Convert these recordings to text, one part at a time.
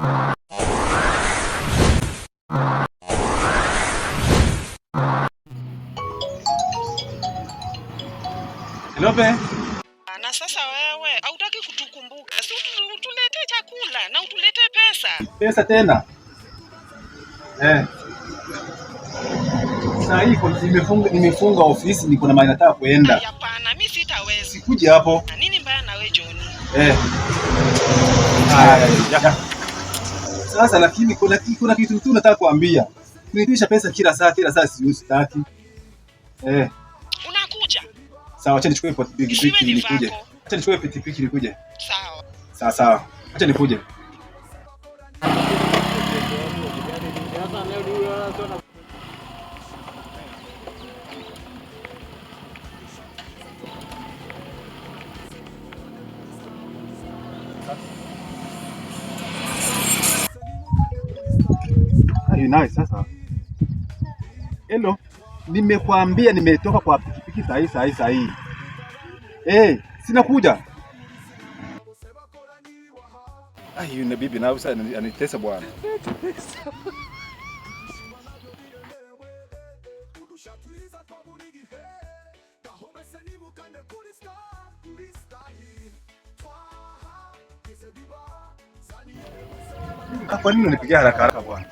Lope. Ah, na sasa wewe hautaki kutukumbuka, si utuletee chakula na utuletee pesa. Pesa tena eh. Sasa hii nimefunga, nimefunga ofisi, niko na mahali nataka kuenda. Hapana, mimi sitaweza. Sikuje hapo. Na ah, nini mbaya na wewe John? Eh. Haya, sasa lakini kuna, kuna kitu tu nataka kuambia. Kulipisha pesa kila saa kila saa si usitaki. Eh. Unakuja? Sawa, acha nichukue pikipiki nikuje. Acha nichukue pikipiki nikuje. Sawa. Sawa sawa. Acha nikuje. hivi nawe sasa. Hello, nimekwambia nimetoka kwa pikipiki sahi sahi sahi. Eh, sina kuja. Ah, yule bibi na usa anitesa bwana. Ah, kwa nini unipigia haraka haraka bwana?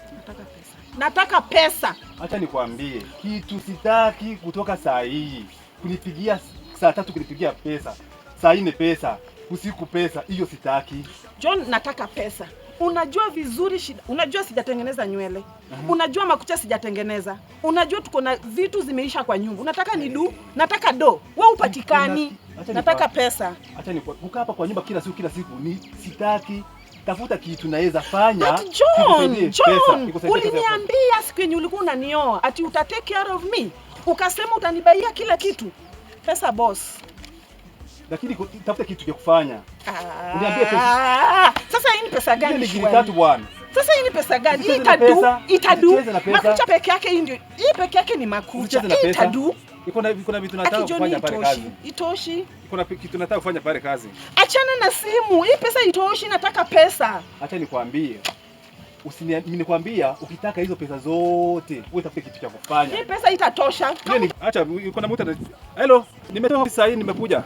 Nataka pesa. Acha nikwambie kitu, sitaki kutoka saa hii kunipigia saa tatu kunipigia pesa, saa nne pesa, usiku pesa, hiyo sitaki John. Nataka pesa. Unajua vizuri shida. Unajua sijatengeneza nywele. Uhum. Unajua makucha sijatengeneza. Unajua tuko na vitu zimeisha kwa nyumba. Unataka ni du nataka do. wa upatikani. Nataka pesa. Acha nikukaa hapa kwa nyumba kila siku kila siku ni sitaki tafuta kitu naweza fanya. But John, John, uliniambia siku yenye ulikuwa unanioa ati uta take care of me, ukasema utanibaia kila kitu pesa boss, lakini tafuta kitu cha kufanya. Ah, sasa hii ni pesa gani? Ni shilingi bwana. Sasa hii ni pesa gani? Hii itadu, itadu. Makucha peke yake hii ndio. Hii peke yake ni makucha. Hii itadu. Iko na iko na vitu nataka kufanya pale kazi. Itoshi. Iko na kitu nataka kufanya pale kazi. Achana na simu. Hii pesa itoshi, nataka pesa. Acha nikwambie. Usini nikwambia ukitaka hizo pesa zote wewe utafute kitu cha kufanya. Hii pesa itatosha. Acha iko na mtu. Hello, nimetoka saa hii nimekuja.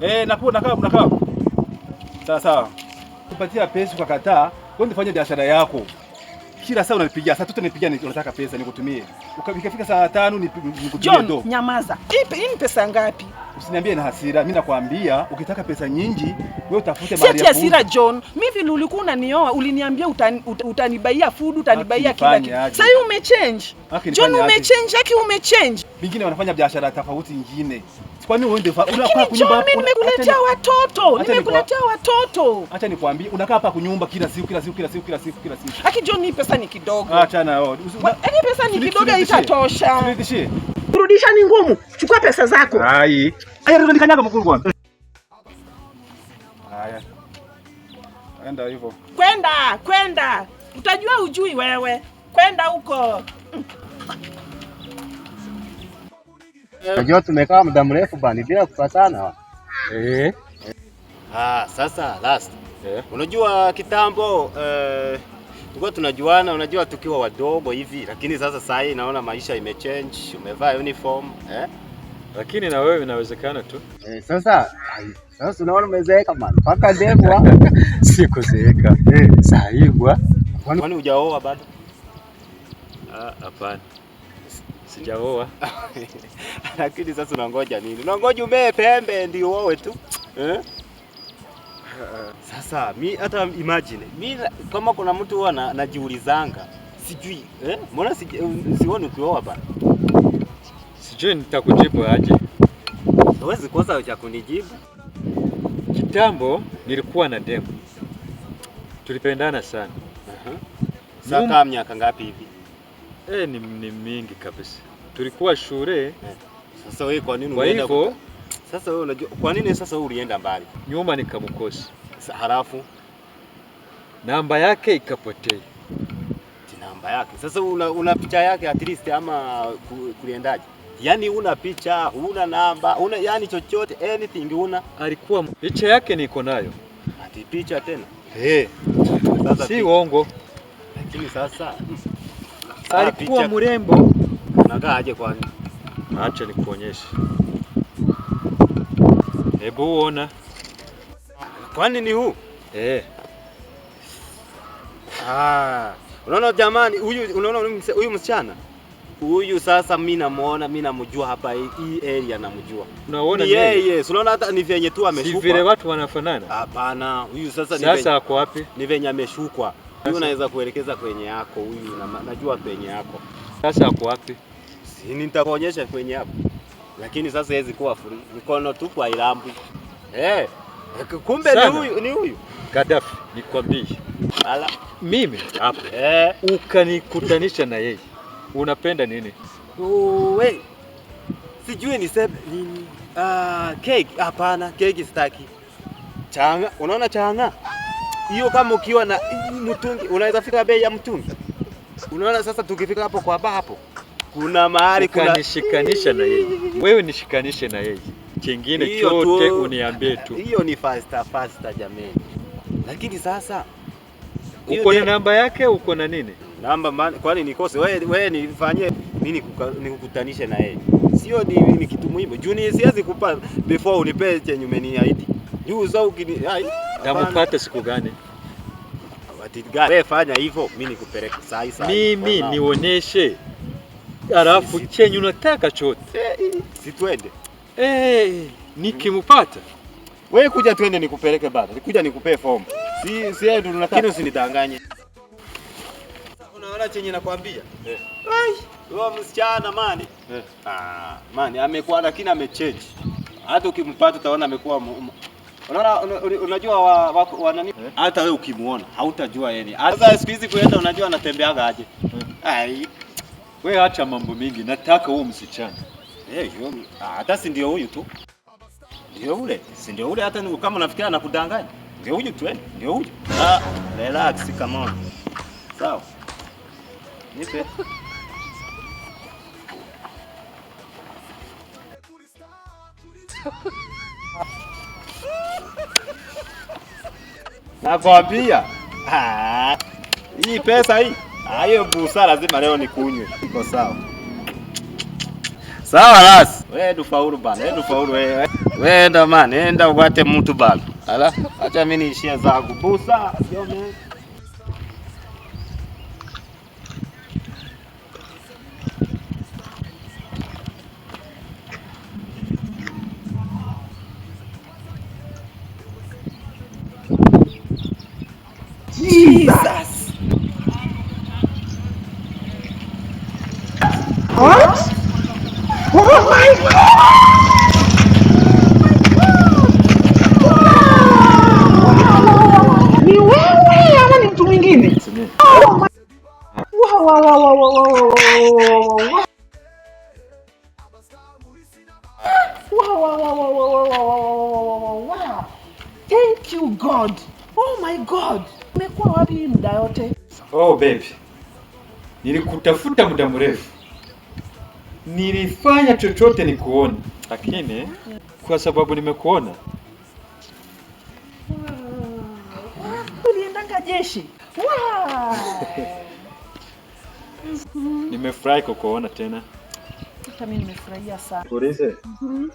Eh, nakuwa nakaa nakaa. Sawa sawa kupatia pesa ukakataa, wewe nifanye biashara yako. Kila saa unanipigia, saa tutu nipigia, unataka pesa nikutumie. Ukafika saa tano nikutumie ndo. Nyamaza. Ipe hii pesa ngapi? Usiniambie na hasira. Mimi nakwambia ukitaka pesa nyingi wewe utafute mahali. Sio hasira John. Mimi vile ulikuwa unanioa uliniambia utanibaia utani, utani food, utanibaia kila kitu. Sasa umechange. John umechange, haki umechange. Mingine wanafanya biashara tofauti nyingine. Kwani wewe ndio unakaa kunyumba hapo? Nimekuletea watoto. Nimekuletea watoto. Acha nikwambie, unakaa hapa kunyumba kila siku kila siku kila siku kila siku kila siku. Aki John, ni pesa ni kidogo. Acha na wewe. Eh, ni pesa ni kidogo haitatosha. Turudishie. Kurudisha ni ngumu. Chukua pesa zako. Hai. Aya, rudi kanyaga mkuu kwanza. Aya. Kwenda hivyo. Kwenda, kwenda. Utajua ujui wewe. Kwenda huko. Unajua tumekaa muda mrefu bani bila kupatana. Eh. Ah, sasa last. Eh. Unajua kitambo eh, tulikuwa tunajuana, unajua tukiwa wadogo hivi, lakini sasa saa hii naona maisha imechange, umevaa uniform, eh? Lakini na wewe inawezekana tu. Eh, sasa sasa unaona umezeeka man. Paka ndevwa. Sikuzeeka. Eh, sahi bwa. Kwani hujaoa bado? Ah, hapana. Sijaoa. Lakini sasa unangoja nini? Unangoja umee pembe ndio uoe tu. Eh? Sasa mi hata imagine mi kama kuna mtu huwa najiulizanga sijui eh? Mbona sioni ukioa bana? Sijui nitakujibu aje. Huwezi kosa cha kunijibu. Kitambo nilikuwa na demu, tulipendana sana. uh -huh. Sasa miaka ngapi hivi? Eh, ni, ni mingi kabisa tulikuwa shule. Sasa wewe kwa nini unaenda kwa sasa wewe unajua kwa nini sasa wewe ulienda mbali? Nyuma nikamkosa. Halafu namba yake ikapotea. Namba yake. Sasa una, una picha yake at least ama kuliendaje? Yaani una picha, una namba, una yani chochote anything una. Alikuwa picha yake niko nayo. Ati picha tena. Eh. Hey. Sasa Si uongo. Lakini sasa hmm. alikuwa mrembo. Unakaa aje kwani? Acha nikuonyeshe. Hebu uona. Kwani ni huu? Eh. Ah, unaona jamani, huyu unaona huyu msichana huyu sasa, mimi namuona, mimi namjua hapa hii area namjua. Unaona yeye? Yeah, yes. Unaona hata ni venye tu ameshuka. Si vile watu wanafanana? Hapana, huyu sasa ni sasa ako wapi? Ni venye ameshukwa. Huyu unaweza kuelekeza kwenye yako huyu, najua penye yako. Sasa ako wapi? Si nitakuonyesha kwenye hapo. Lakini sasa haiwezi kuwa free. Mikono kwa hailambwi. Eh. Kumbe ni huyu, ni huyu. Gaddafi, nikwambie. Ala, mimi hapo Eh, ukanikutanisha na yeye. Unapenda nini? Wewe. Sijui niseme nini. Uh, ah, keki hapana, keki sitaki. Changa, unaona changa? Hiyo kama ukiwa na mtungi, unaweza fika bei ya mtungi. Unaona sasa tukifika hapo kwa baba hapo kuna mahali kuna... nishikanisha na yeye wewe, nishikanishe na yeye, kingine chote uniambie tu. Hiyo ni faster faster jamani, lakini sasa uko na namba yake, uko na nini namba man... kwani nikose wewe, wewe nifanyie mimi nikukutanishe na yeye, sio ni, ni kitu muhimu juu ni siwezi kupa before unipe chenye umeniahidi juu sasa ukini tamupate siku gani? Wewe fanya hivyo, mimi nikupeleke saa hii, mimi nionyeshe alafu chenye unataka chote eh, eh. situende. Hey, eh, nikimupata wewe kuja tuende nikupeleke baba. Kuja nikupee fomu. Si si yeye tunataka. Lakini usinidanganye. Unaona chenye nakwambia? Eh. Wewe msichana mani. Eh. Ah, mani amekuwa lakini amechange. Hata ukimpata utaona amekuwa Unaona unajua wa, wa, wa nani? Hata eh, wewe ukimuona hautajua yeye. Sasa siku hizi kuenda unajua anatembeaga aje. Eh. We acha mambo mingi, nataka huo msichana. Hey, eh, ah, hata si ndio huyu tu, ndio ule, si ndio ule. Hata kama nafikiri anakudanganya, ndio huyu tu, eh, ndio huyu. Ah, relax, come on. Sawa, nipe nakwambia ah, hii pesa hii hiyo busa lazima leo nikunywe. Iko sawa sawa, las wewe faulu bana, wewe tufaulu wewe, wewe enda man, enda upate mtu bana. Ala, acha mimi niishie zangu busa jome. Jesus. Thank you God. Oh my God. Umekuwa wapi muda yote? Oh baby. Nilikutafuta muda mrefu. Nilifanya chochote nikuone, lakini kwa sababu nimekuona uliendanga jeshi. Wow. Nimefurahi kukuona tena. Hata mimi nimefurahia sana. Tulize. Mm-hmm.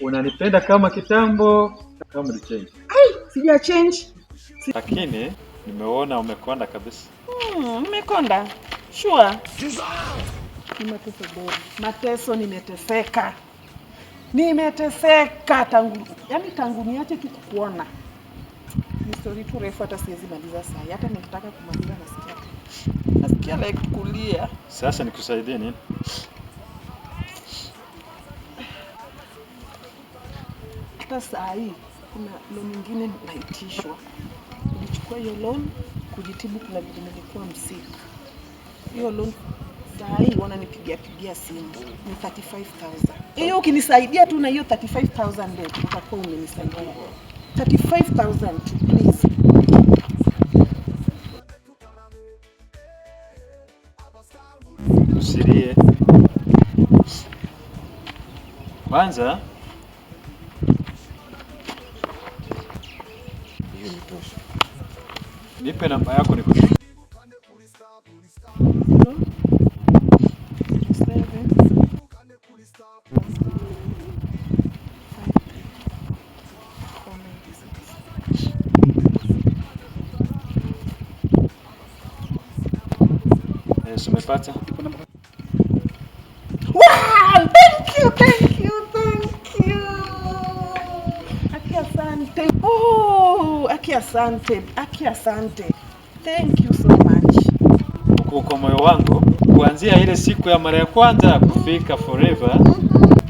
Unanipenda kama kitambo kama ni change? Ai, sija change. Lakini nimeona umekonda kabisa. Mm, umekonda. Sure. Mateso bora. Mateso nimeteseka. Nimeteseka tangu, yani tangu niache tu kukuona. Ni story tu refu hata siwezi maliza saa. Hata nikitaka kumaliza nasikia Nasikia like kulia. Sasa nikusaidie nini? Hata saa hii kuna loan nyingine naitishwa. Nilichukua hiyo loan kujitibu, kuna vitu nilikuwa msika. Hiyo loan saa hii wananipigia pigia simu ni 35000. Hiyo ukinisaidia tu na hiyo 35000 ndio utakuwa umenisaidia. 35000 please. nifikirie. Kwanza nipe namba yako ni umepata Thank, oh, aki asante, aki asante. Thank you so much. Kuko moyo wangu kuanzia ile siku ya mara ya kwanza kufika forever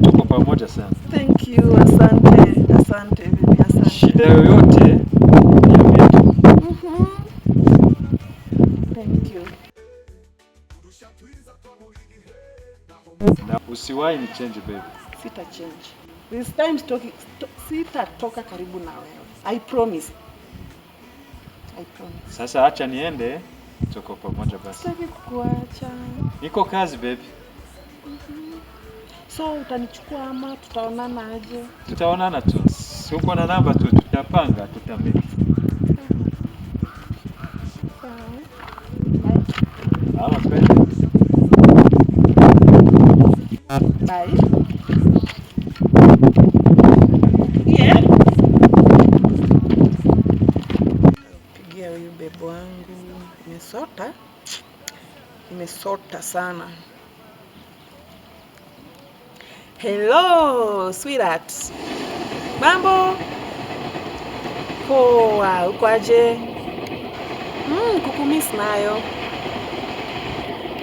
tuko pamoja sana. Thank you, asante, asante bibi, asante. Shida yoyote mm-hmm. niambie Na usiwahi ni change baby. Sita change. This time sitatoka karibu na wewe. I promise. I promise. Sasa acha niende tuko pamoja basi. Sitaki kukuacha. Niko kazi baby. So utanichukua ama tutaonana aje? Tutaonana tu. Uko na namba tu, tutapanga tutameki. Bye. Bye. huyu bebo wangu imesota, imesota sana. Hello sweetheart, mambo poa? Uko Mm, kukumiss nayo.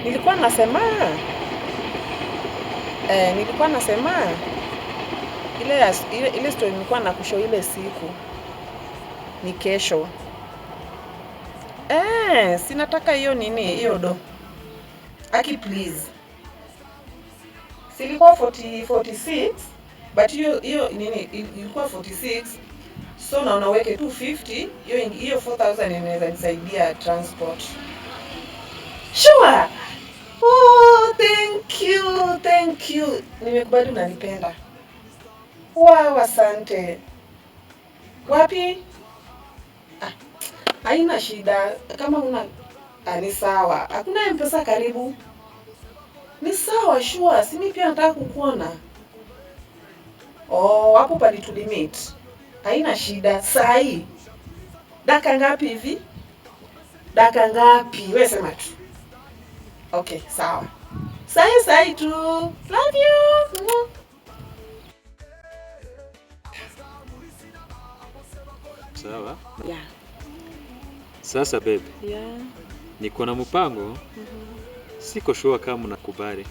Nilikuwa nasema eh, nilikuwa nasema ile ile story nilikuwa nakusho ile siku ni kesho. Eh, sinataka hiyo nini hiyo do. Aki please. Silikuwa 40 46 but hiyo hiyo nini ilikuwa 46 so na unaweke 250 hiyo hiyo 4000 inaweza nisaidia transport. Sure. Oh, thank you, thank you. Nimekubali unanipenda. Wow, asante. Wapi? haina shida. Kama una ah, ni sawa, hakuna mpesa karibu, ni sawa shua. Si mimi pia nataka kukuona. Oh, hapo limit, haina shida. Saa hii daka ngapi hivi? Daka ngapi? Wewe sema tu. Okay, sawa. Sahi sahi tu. Love you. Sawa. Yeah. Sasa bebe, yeah. Niko na mpango mm -hmm. Siko shua kama mnakubali.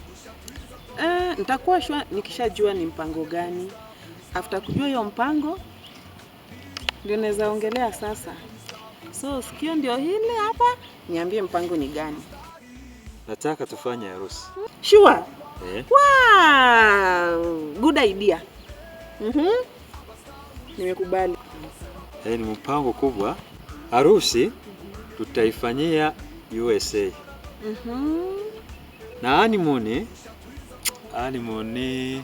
Uh, eh, nitakuwa shua nikishajua ni mpango gani. After kujua hiyo mpango ndio naweza ongelea sasa. So sikio ndio hili hapa, niambie mpango ni gani? Nataka tufanye harusi. Sure. Eh? Wow, good idea. Mm-hmm. Nimekubali. Eh, ni mpango kubwa. Harusi tutaifanyia USA. mm -hmm. Na honeymoon, eh? honeymoon eh?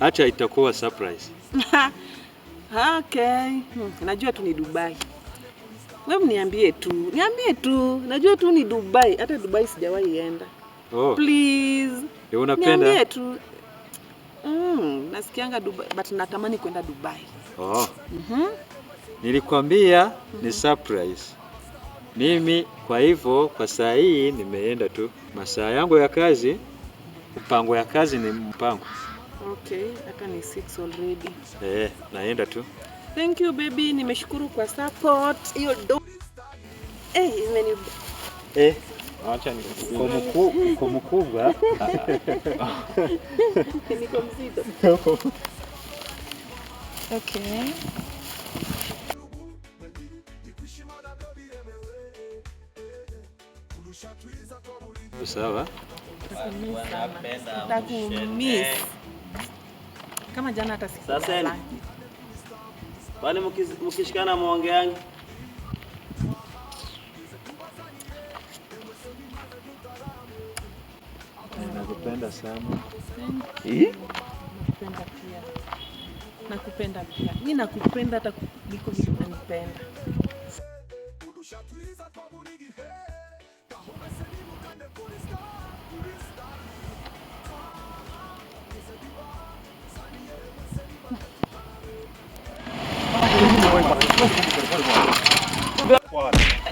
acha itakuwa surprise. Okay. Hmm. Najua tu ni Dubai. Wewe mniambie tu, niambie tu, najua tu ni Dubai. Hata Dubai sijawahi enda. Oh. Please. Eh, unapenda? Niambie tu. Mm, nasikianga Dubai, but natamani kwenda Dubai. Oh. Mhm. Mm, nilikwambia mm -hmm. ni surprise mimi. Kwa hivyo kwa saa hii nimeenda tu, masaa yangu ya kazi, mpango ya kazi ni mpango. Okay, hata ni six already. Eh, naenda tu. Thank you baby, nimeshukuru kwa support. Hiyo do... Eh, imeni... Eh, acha ni kwa mkubwa. Niko mzito. Okay. Uko sawa? Kama jana hata siku. Sasa wale mkishikana mwongeangi Nakupenda sana. Eh? Nakupenda pia. Nakupenda pia. Mimi nakupenda hata kuliko mimi nakupenda.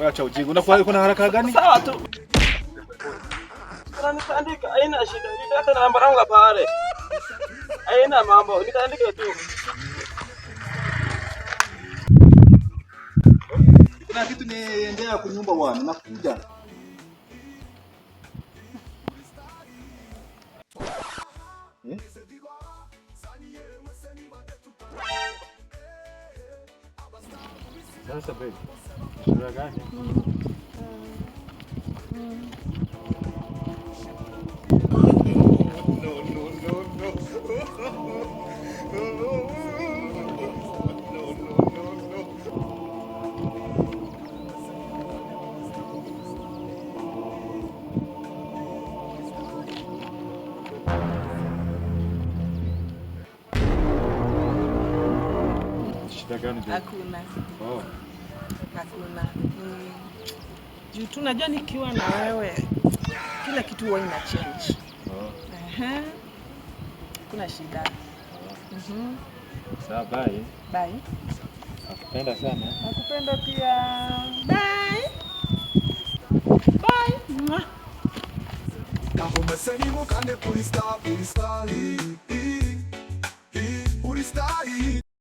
Wacha ujinga. Unakuwa kuna haraka gani? Sawa tu. Nitaandika, haina shida. Nitaweka namba yangu pale. Haina mambo. Nitaandika tu. Kuna kitu niendea kunyumba bwana. Nakuja. That's a big. Should I got No, no, no, no. gani? Hakuna. Oh. Hakuna. Mm. Juu tunajua nikiwa na wewe kila kitu huwa ina change. Oh. Eh. Kuna shida. Oh. Mhm. Sawa, bye. Bye. Nakupenda sana. Nakupenda pia. Bye. Bye. Mwah. Kagoma seni mukande polista polistali.